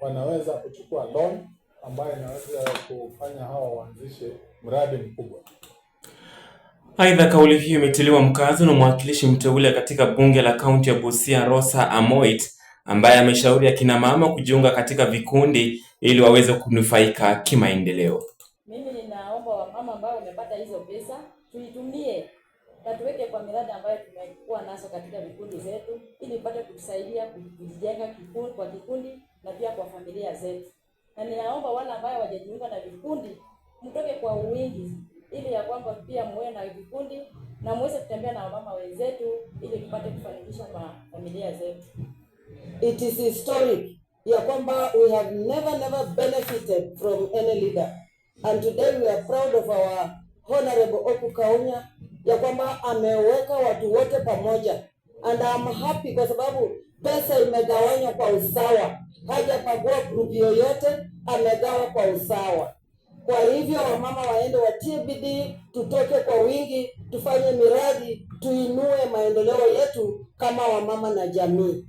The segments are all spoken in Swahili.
wanaweza kuchukua loan ambayo inaweza kufanya hawa waanzishe mradi mkubwa. Aidha, kauli hiyo imetiliwa mkazo na mwakilishi mteule katika bunge la kaunti ya Busia, Rosa Amoit, ambaye ameshauri akina mama kujiunga katika vikundi ili waweze kunufaika kimaendeleo. Mimi ninaomba wamama ambao wamepata hizo pesa tuitumie na tuweke kwa miradi ambayo tumekuwa nazo katika vikundi zetu ili ipate kutusaidia kujijenga kikundi kwa kikundi na pia kwa familia zetu. Na ninaomba wale ambao wajajiunga na vikundi mtoke kwa wingi, ili ya kwamba pia muwe na vikundi na muweze kutembea na wamama wenzetu, ili tupate kufanikisha kwa familia zetu. It is historic ya kwamba we have never never benefited from any leader and today we are proud of our honorable Oku Kaunya ya kwamba ameweka watu wote pamoja, and I'm happy kwa sababu pesa imegawanywa kwa usawa, hajapagua grupu yoyote, amegawa kwa usawa. Kwa hivyo wamama waende watie bidii, tutoke kwa wingi, tufanye miradi, tuinue maendeleo yetu kama wamama na jamii.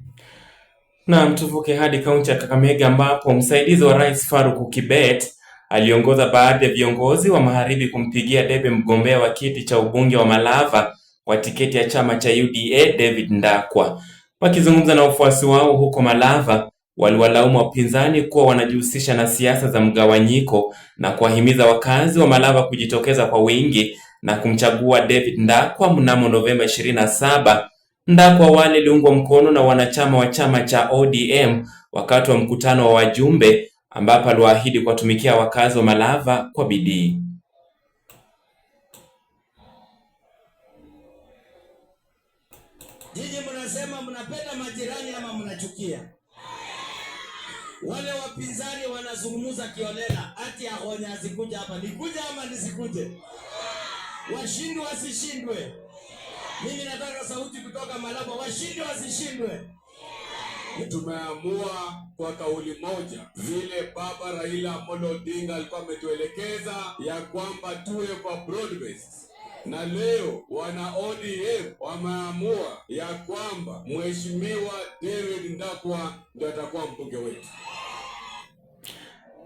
Naam, tuvuke hadi kaunti ya Kakamega ambapo msaidizi wa Rais Faruku Kibet aliongoza baadhi ya viongozi wa magharibi kumpigia debe mgombea wa kiti cha ubunge wa Malava kwa tiketi ya chama cha UDA David Ndakwa. Wakizungumza na wafuasi wao huko Malava, waliwalaumu wapinzani kuwa wanajihusisha na siasa za mgawanyiko na kuwahimiza wakazi wa Malava kujitokeza kwa wingi na kumchagua David Ndakwa mnamo Novemba 27. Ndakwa awali aliungwa mkono na wanachama wa chama cha ODM wakati wa mkutano wa wajumbe ambapo aliwaahidi kuwatumikia wakazi wa Malava kwa bidii Nyinyi mnasema mnapenda majirani ama mnachukia? Wale wapinzani wanazungumza kiolela, ati ahonya azikuja hapa, nikuja ama nisikuje? Washindwe wasishindwe? Mimi nataka sauti kutoka Malava, washindwe wasishindwe? tumeamua kwa kauli moja vile Baba Raila Amolo Odinga alikuwa ametuelekeza ya kwamba tuwe kwa broad-based na leo wana ODM wameamua ya kwamba mheshimiwa David Ndakwa ndio atakuwa mbunge wetu.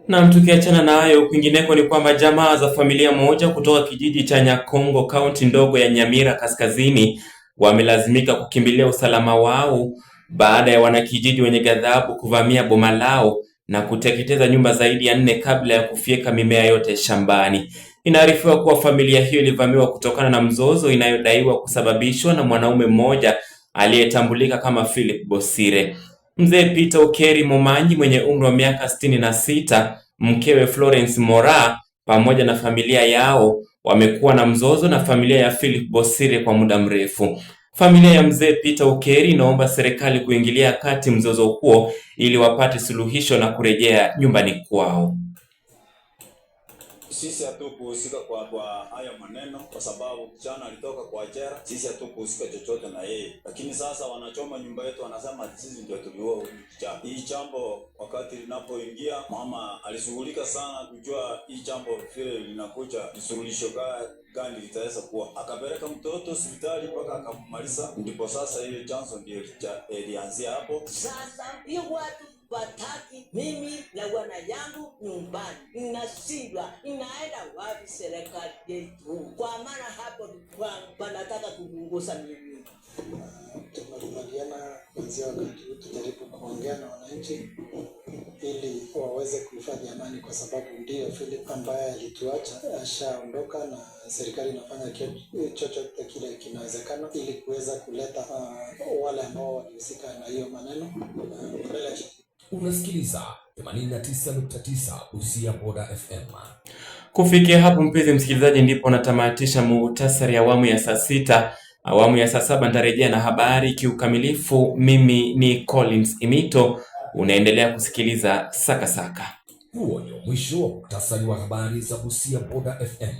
Na tukiachana na hayo, kwingineko ni kwamba jamaa za familia moja kutoka kijiji cha Nyakongo, kaunti ndogo ya Nyamira Kaskazini, wamelazimika kukimbilia usalama wao baada ya wanakijiji wenye ghadhabu kuvamia boma lao na kuteketeza nyumba zaidi ya nne kabla ya kufyeka mimea yote shambani. Inaarifiwa kuwa familia hiyo ilivamiwa kutokana na mzozo inayodaiwa kusababishwa na mwanaume mmoja aliyetambulika kama Philip Bosire. Mzee Peter Ukeri Momanyi mwenye umri wa miaka sitini na sita, mkewe Florence Mora pamoja na familia yao wamekuwa na mzozo na familia ya Philip Bosire kwa muda mrefu. Familia ya mzee Peter Ukeri inaomba serikali kuingilia kati mzozo huo ili wapate suluhisho na kurejea nyumbani kwao sisi hatukuhusika kwa kwa haya maneno, kwa sababu kijana alitoka kwa jela, sisi hatukuhusika chochote na yeye. Lakini sasa wanachoma nyumba yetu, wanasema sisi ndio tuliua huyu kijana. Hii jambo wakati linapoingia, mama alishughulika sana kujua hii jambo vile linakuja, suluhisho gani litaweza kuwa, akapeleka mtoto hospitali mpaka akamaliza. Ndipo sasa ile chanzo ndio eh, ilianzia hapo. Sasa hiyo watu wataki mimi na bwana yangu nyumbani, ninashindwa ninaenda wapi serikali yetu? Kwa maana hapo wanataka kupunguza mimi. Tumekubaliana kuanzia wakati huu tujaribu kuongea na wananchi ili waweze kuhifadhi amani, kwa sababu ndiyo Philip ambaye alituacha ashaondoka, na serikali inafanya chochote kile kinawezekana ili kuweza kuleta uh, wale ambao walihusika na hiyo maneno uh, mbele. Unasikiliza 89.9 Busia Boda FM. Kufikia hapo mpenzi msikilizaji, ndipo natamatisha muhtasari awamu ya saa sita. Awamu ya saa saba nitarejea na habari kiukamilifu. Mimi ni Collins Imito, unaendelea kusikiliza Sakasaka. Huo ndio mwisho wa muhtasari wa habari za Busia Boda FM.